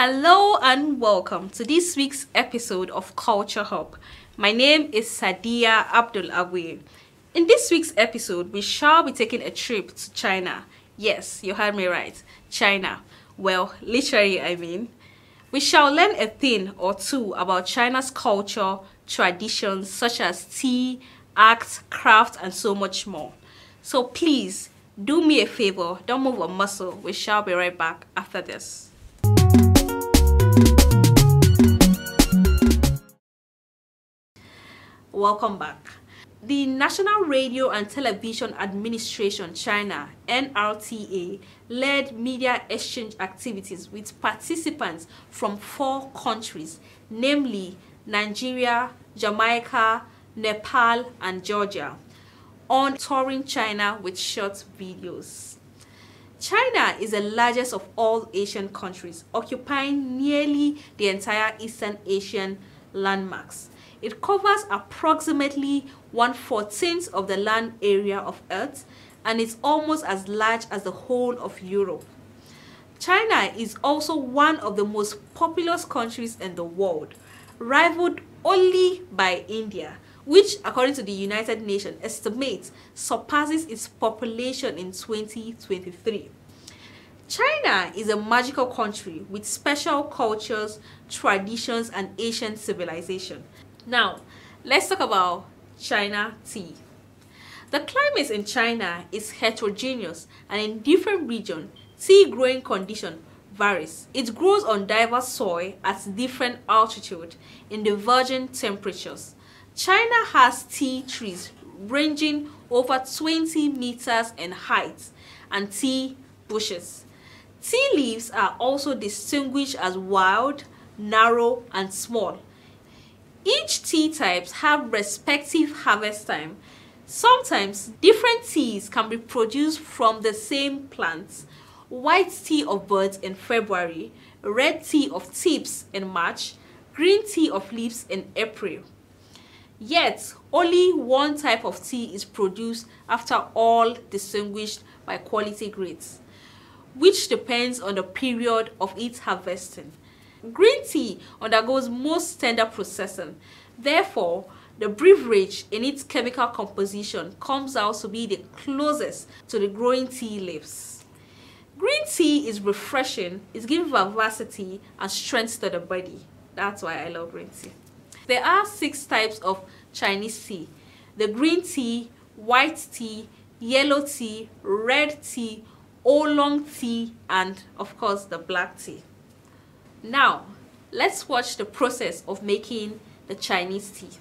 Hello and welcome to this week's episode of Culture Hub. My name is Sadia Abdul Awe. In this week's episode, we shall be taking a trip to China. Yes, you heard me right. China. Well, literally, I mean. We shall learn a thing or two about China's culture, traditions such as tea, art, craft, and so much more. So please do me a favor, don't move a muscle. We shall be right back after this. Welcome back. The National Radio and Television Administration China NRTA led media exchange activities with participants from four countries, namely Nigeria, Jamaica, Nepal, and Georgia, on touring China with short videos. China is the largest of all Asian countries, occupying nearly the entire Eastern Asian landmarks. It covers approximately 1 14th of the land area of Earth and is almost as large as the whole of Europe. China is also one of the most populous countries in the world, rivaled only by India, which, according to the United Nations, estimates surpasses its population in 2023. China is a magical country with special cultures, traditions, and ancient civilization. Now, let's talk about China tea. The climate in China is heterogeneous and in different regions, tea growing condition varies. It grows on diverse soil at different altitude in diverging temperatures. China has tea trees ranging over 20 meters in height and tea bushes. Tea leaves are also distinguished as wild, narrow, and small. Each tea types have respective harvest time. Sometimes different teas can be produced from the same plants. White tea of buds in February, red tea of tips in March, green tea of leaves in April. Yet, only one type of tea is produced after all distinguished by quality grades, which depends on the period of its harvesting. Green tea undergoes most tender processing. Therefore, the beverage in its chemical composition comes out to be the closest to the growing tea leaves. Green tea is refreshing, it gives vivacity and strength to the body. That's why I love green tea. There are six types of Chinese tea. The green tea, white tea, yellow tea, red tea, oolong tea, and of course the black tea. Now, let's watch the process of making the Chinese tea.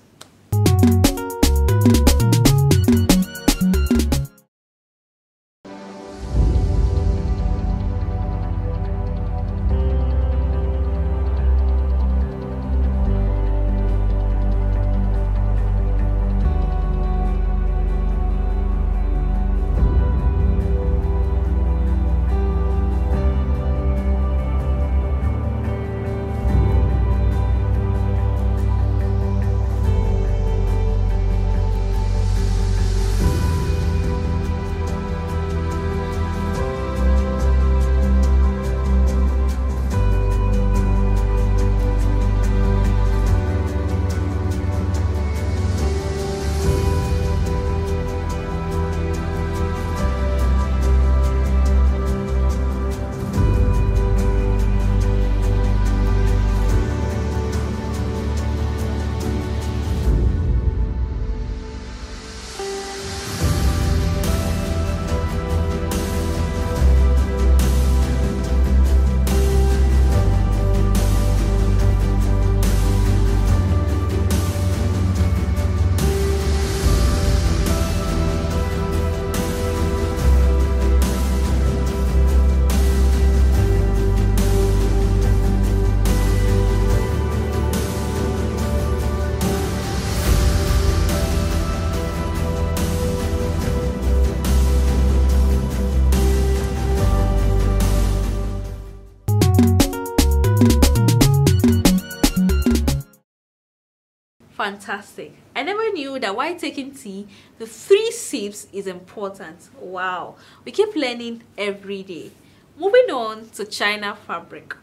fantastic. I never knew that while taking tea, the three sips is important. Wow, we keep learning every day. Moving on to China fabric.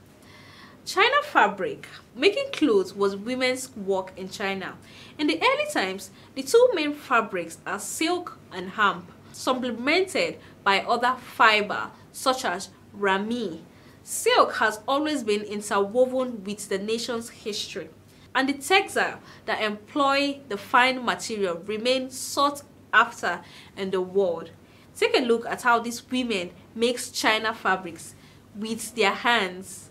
China fabric. Making clothes was women's work in China. In the early times, the two main fabrics are silk and hemp, supplemented by other fiber such as rami. Silk has always been interwoven with the nation's history and the textile that employ the fine material remain sought after in the world. Take a look at how these women makes China fabrics with their hands.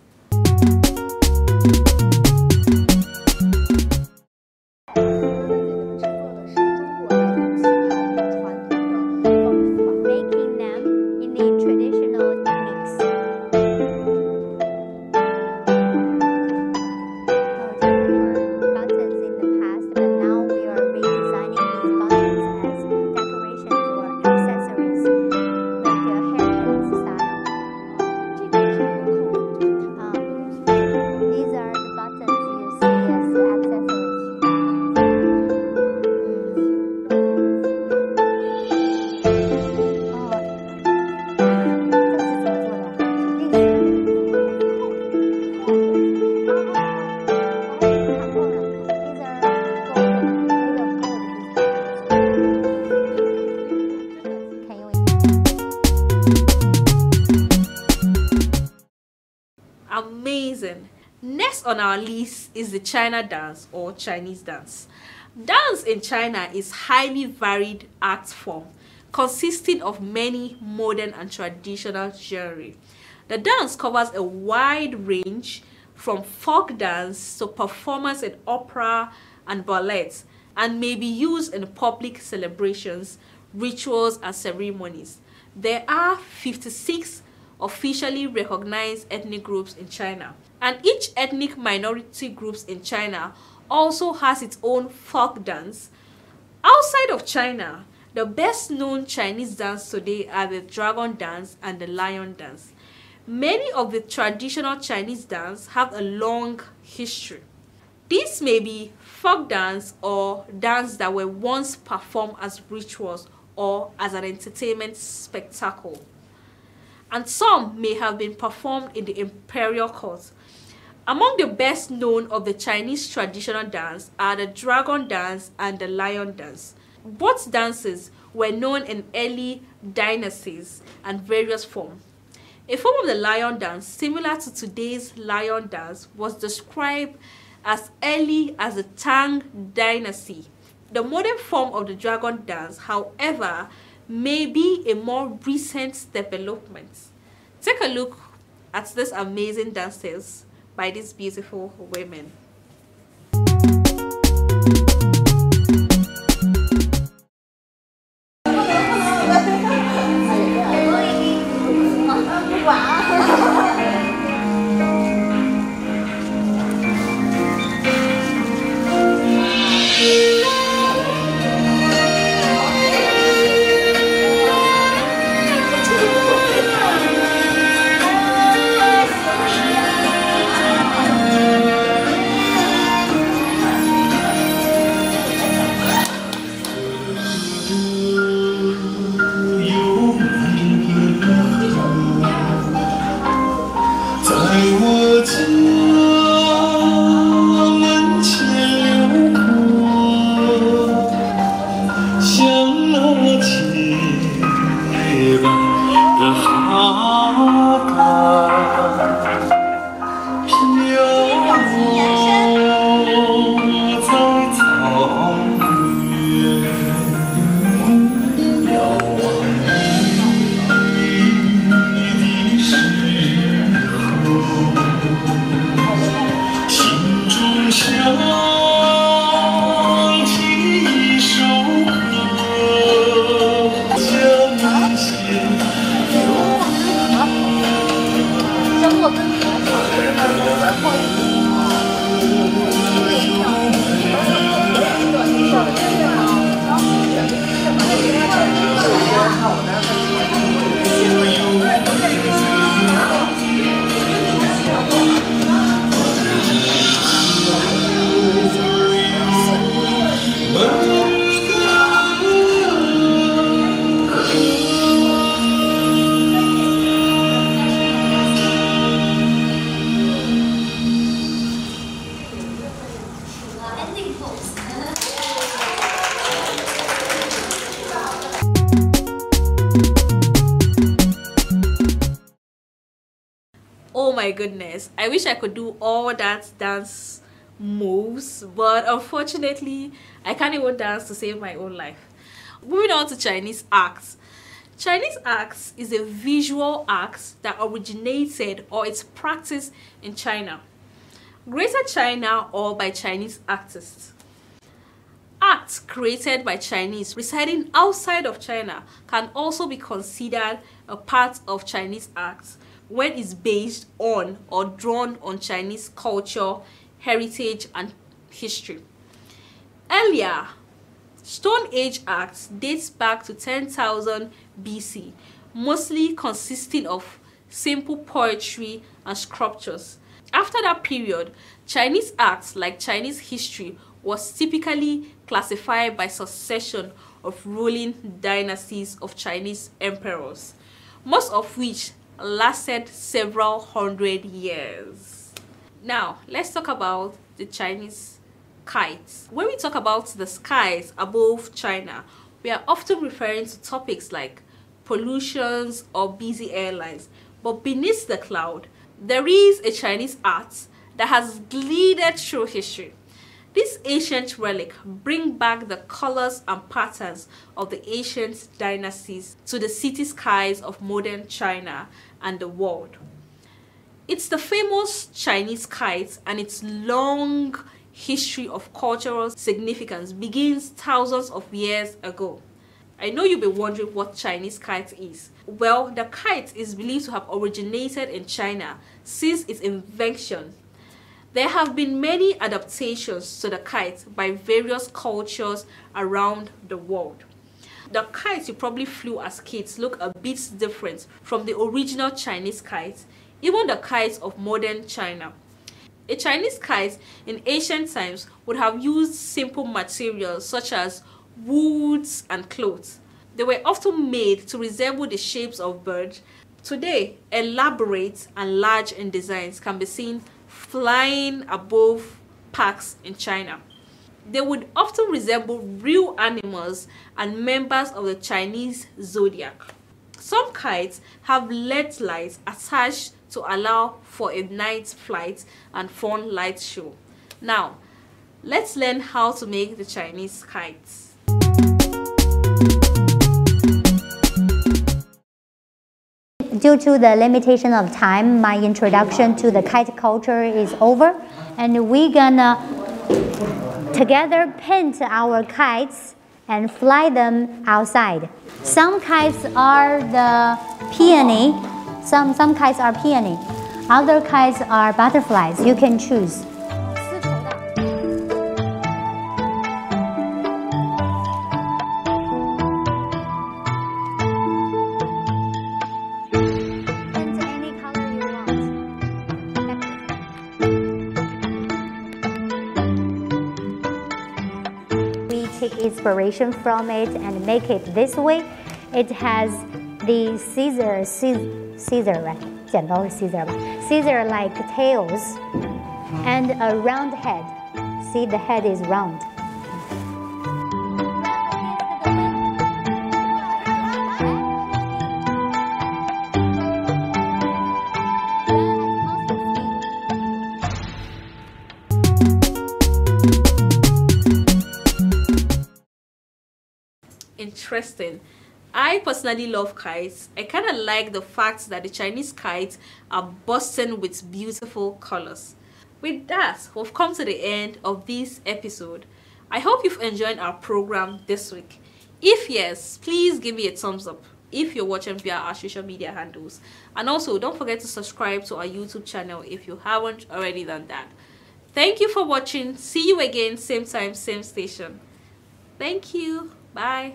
amazing. Next on our list is the China dance or Chinese dance. Dance in China is highly varied art form consisting of many modern and traditional genre. The dance covers a wide range from folk dance to performance in opera and ballet and may be used in public celebrations, rituals and ceremonies. There are 56 officially recognized ethnic groups in China. And each ethnic minority groups in China also has its own folk dance. Outside of China, the best known Chinese dance today are the dragon dance and the lion dance. Many of the traditional Chinese dance have a long history. These may be folk dance or dance that were once performed as rituals or as an entertainment spectacle and some may have been performed in the imperial court. Among the best known of the Chinese traditional dance are the dragon dance and the lion dance. Both dances were known in early dynasties and various forms. A form of the lion dance, similar to today's lion dance, was described as early as the Tang Dynasty. The modern form of the dragon dance, however, Maybe a more recent development. Take a look at this amazing dancers by these beautiful women. 是我。oh my goodness i wish i could do all that dance moves but unfortunately i can't even dance to save my own life moving on to chinese acts Chinese acts is a visual act that originated or is practiced in China, Greater China or by Chinese artists. Acts created by Chinese residing outside of China can also be considered a part of Chinese acts when it's based on or drawn on Chinese culture, heritage, and history. Earlier, Stone Age acts dates back to 10,000 BC, mostly consisting of simple poetry and sculptures. After that period, Chinese acts like Chinese history was typically classified by succession of ruling dynasties of Chinese emperors, most of which lasted several hundred years. Now, let's talk about the Chinese kites. When we talk about the skies above China, we are often referring to topics like pollutions or busy airlines. But beneath the cloud, there is a Chinese art that has glided through history. This ancient relic bring back the colors and patterns of the ancient dynasties to the city skies of modern China and the world. It's the famous Chinese kite and its long history of cultural significance begins thousands of years ago. I know you'll be wondering what Chinese kite is. Well, the kite is believed to have originated in China since its invention there have been many adaptations to the kite by various cultures around the world. The kites you probably flew as kids look a bit different from the original Chinese kites, even the kites of modern China. A Chinese kite in ancient times would have used simple materials such as woods and clothes. They were often made to resemble the shapes of birds Today, elaborate and large in designs can be seen flying above parks in China. They would often resemble real animals and members of the Chinese zodiac. Some kites have LED lights attached to allow for a night flight and fun light show. Now, let's learn how to make the Chinese kites. due to the limitation of time, my introduction to the kite culture is over, and we're gonna together paint our kites and fly them outside. Some kites are the peony, some, some kites are peony, other kites are butterflies, you can choose. take inspiration from it and make it this way. It has the scissors, scissors, scissor right? scissors like tails and a round head. See, the head is round. interesting. I personally love kites. I kind of like the fact that the Chinese kites are bursting with beautiful colors. With that, we've come to the end of this episode. I hope you've enjoyed our program this week. If yes, please give me a thumbs up if you're watching via our social media handles. And also, don't forget to subscribe to our YouTube channel if you haven't already done that. Thank you for watching. See you again, same time, same station. Thank you. Bye.